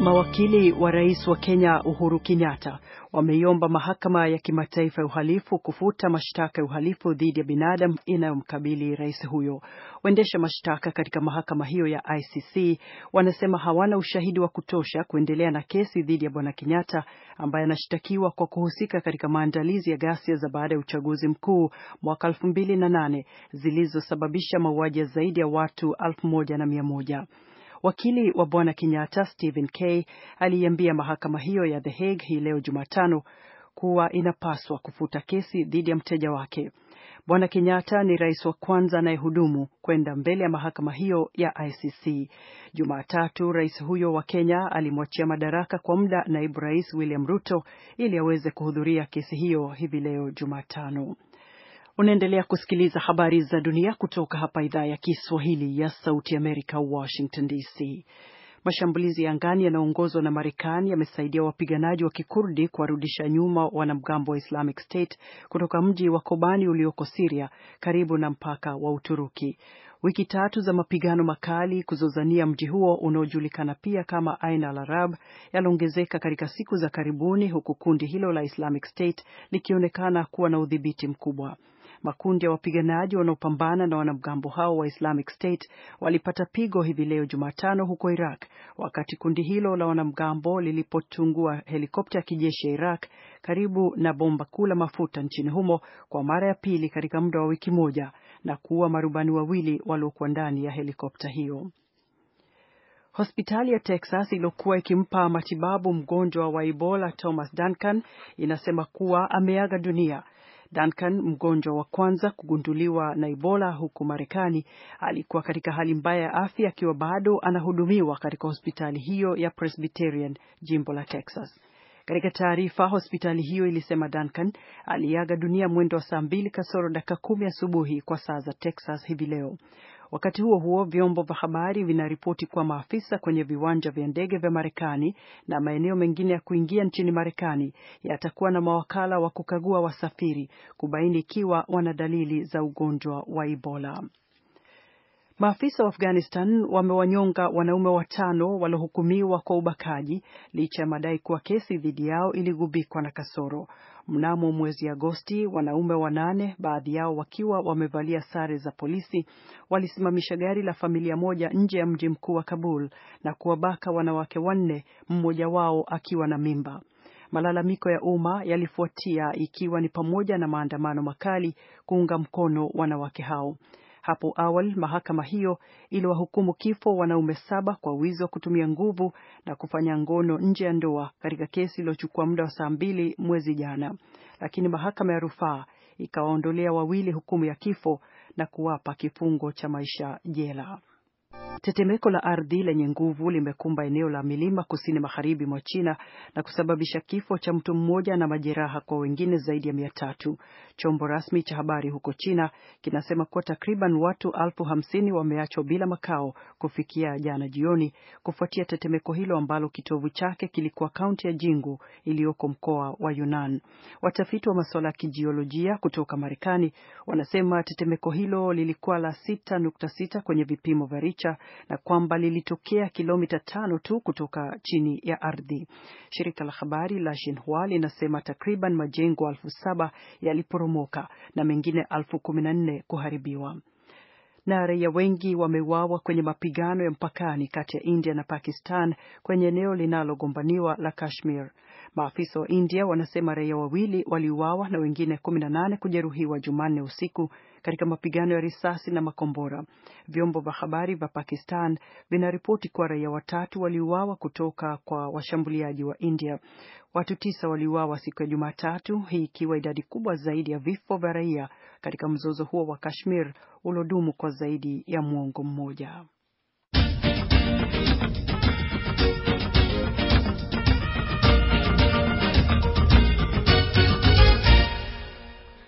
Mawakili wa rais wa Kenya Uhuru Kenyatta wameiomba mahakama ya kimataifa ya uhalifu kufuta mashtaka ya uhalifu dhidi ya binadamu inayomkabili rais huyo. Waendesha mashtaka katika mahakama hiyo ya ICC wanasema hawana ushahidi wa kutosha kuendelea na kesi dhidi ya bwana Kenyatta ambaye anashtakiwa kwa kuhusika katika maandalizi ya ghasia za baada ya uchaguzi mkuu mwaka 2008 zilizosababisha mauaji ya zaidi ya watu 1100. Wakili wa bwana Kenyatta Stephen k aliiambia mahakama hiyo ya The Hague hii leo Jumatano kuwa inapaswa kufuta kesi dhidi ya mteja wake. Bwana Kenyatta ni rais wa kwanza anayehudumu kwenda mbele ya mahakama hiyo ya ICC. Jumatatu, rais huyo wa Kenya alimwachia madaraka kwa muda naibu rais William Ruto ili aweze kuhudhuria kesi hiyo hivi leo Jumatano. Unaendelea kusikiliza habari za dunia kutoka hapa idhaa ya Kiswahili ya Sauti Amerika, Washington DC. Mashambulizi ya angani yanayoongozwa na Marekani yamesaidia wapiganaji wa Kikurdi kuwarudisha nyuma wanamgambo wa Islamic State kutoka mji wa Kobani ulioko Siria karibu na mpaka wa Uturuki. Wiki tatu za mapigano makali kuzozania mji huo unaojulikana pia kama Ain al Arab yaliongezeka katika siku za karibuni, huku kundi hilo la Islamic State likionekana kuwa na udhibiti mkubwa. Makundi ya wapiganaji wanaopambana na wanamgambo hao wa Islamic State walipata pigo hivi leo Jumatano huko Iraq wakati kundi hilo la wanamgambo lilipotungua helikopta ya kijeshi ya Iraq karibu na bomba kuu la mafuta nchini humo kwa mara ya pili katika muda wa wiki moja na kuua marubani wawili waliokuwa ndani ya helikopta hiyo. Hospitali ya Texas iliyokuwa ikimpa matibabu mgonjwa wa Ebola Thomas Duncan inasema kuwa ameaga dunia Duncan, mgonjwa wa kwanza kugunduliwa na Ebola huku Marekani, alikuwa katika hali mbaya ya afya akiwa bado anahudumiwa katika hospitali hiyo ya Presbyterian, jimbo la Texas. Katika taarifa, hospitali hiyo ilisema Duncan aliaga dunia mwendo wa saa mbili kasoro dakika kumi asubuhi kwa saa za Texas hivi leo. Wakati huo huo, vyombo vya habari vinaripoti kuwa maafisa kwenye viwanja vya ndege vya Marekani na maeneo mengine ya kuingia nchini Marekani yatakuwa na mawakala wa kukagua wasafiri kubaini ikiwa wana dalili za ugonjwa wa Ebola. Maafisa wa Afghanistan wamewanyonga wanaume watano waliohukumiwa kwa ubakaji licha ya madai kuwa kesi dhidi yao iligubikwa na kasoro. Mnamo mwezi Agosti, wanaume wanane, baadhi yao wakiwa wamevalia sare za polisi, walisimamisha gari la familia moja nje ya mji mkuu wa Kabul na kuwabaka wanawake wanne, mmoja wao akiwa na mimba. Malalamiko ya umma yalifuatia ikiwa ni pamoja na maandamano makali kuunga mkono wanawake hao. Hapo awali mahakama hiyo iliwahukumu kifo wanaume saba kwa wizi wa kutumia nguvu na kufanya ngono nje ya ndoa katika kesi iliyochukua muda wa saa mbili mwezi jana, lakini mahakama ya rufaa ikawaondolea wawili hukumu ya kifo na kuwapa kifungo cha maisha jela. Tetemeko la ardhi lenye nguvu limekumba eneo la milima kusini magharibi mwa China na kusababisha kifo cha mtu mmoja na majeraha kwa wengine zaidi ya mia tatu. Chombo rasmi cha habari huko China kinasema kuwa takriban watu elfu hamsini wameachwa bila makao kufikia jana jioni kufuatia tetemeko hilo ambalo kitovu chake kilikuwa kaunti ya Jingu iliyoko mkoa wa yunan Watafiti wa masuala ya kijiolojia kutoka Marekani wanasema tetemeko hilo lilikuwa la 6.6 kwenye vipimo vya Richter na kwamba lilitokea kilomita tano tu kutoka chini ya ardhi. Shirika la habari la Xinhua linasema takriban majengo elfu saba yaliporomoka na mengine elfu kumi na nne kuharibiwa na raia wengi wameuawa kwenye mapigano ya mpakani kati ya India na Pakistan kwenye eneo linalogombaniwa la Kashmir. Maafisa wa India wanasema raia wawili waliuawa na wengine 18 kujeruhiwa Jumanne usiku katika mapigano ya risasi na makombora. Vyombo vya habari vya Pakistan vinaripoti kuwa raia watatu waliuawa kutoka kwa washambuliaji wa India. Watu tisa waliuawa siku ya Jumatatu, hii ikiwa idadi kubwa zaidi ya vifo vya raia katika mzozo huo wa Kashmir uliodumu kwa zaidi ya mwongo mmoja.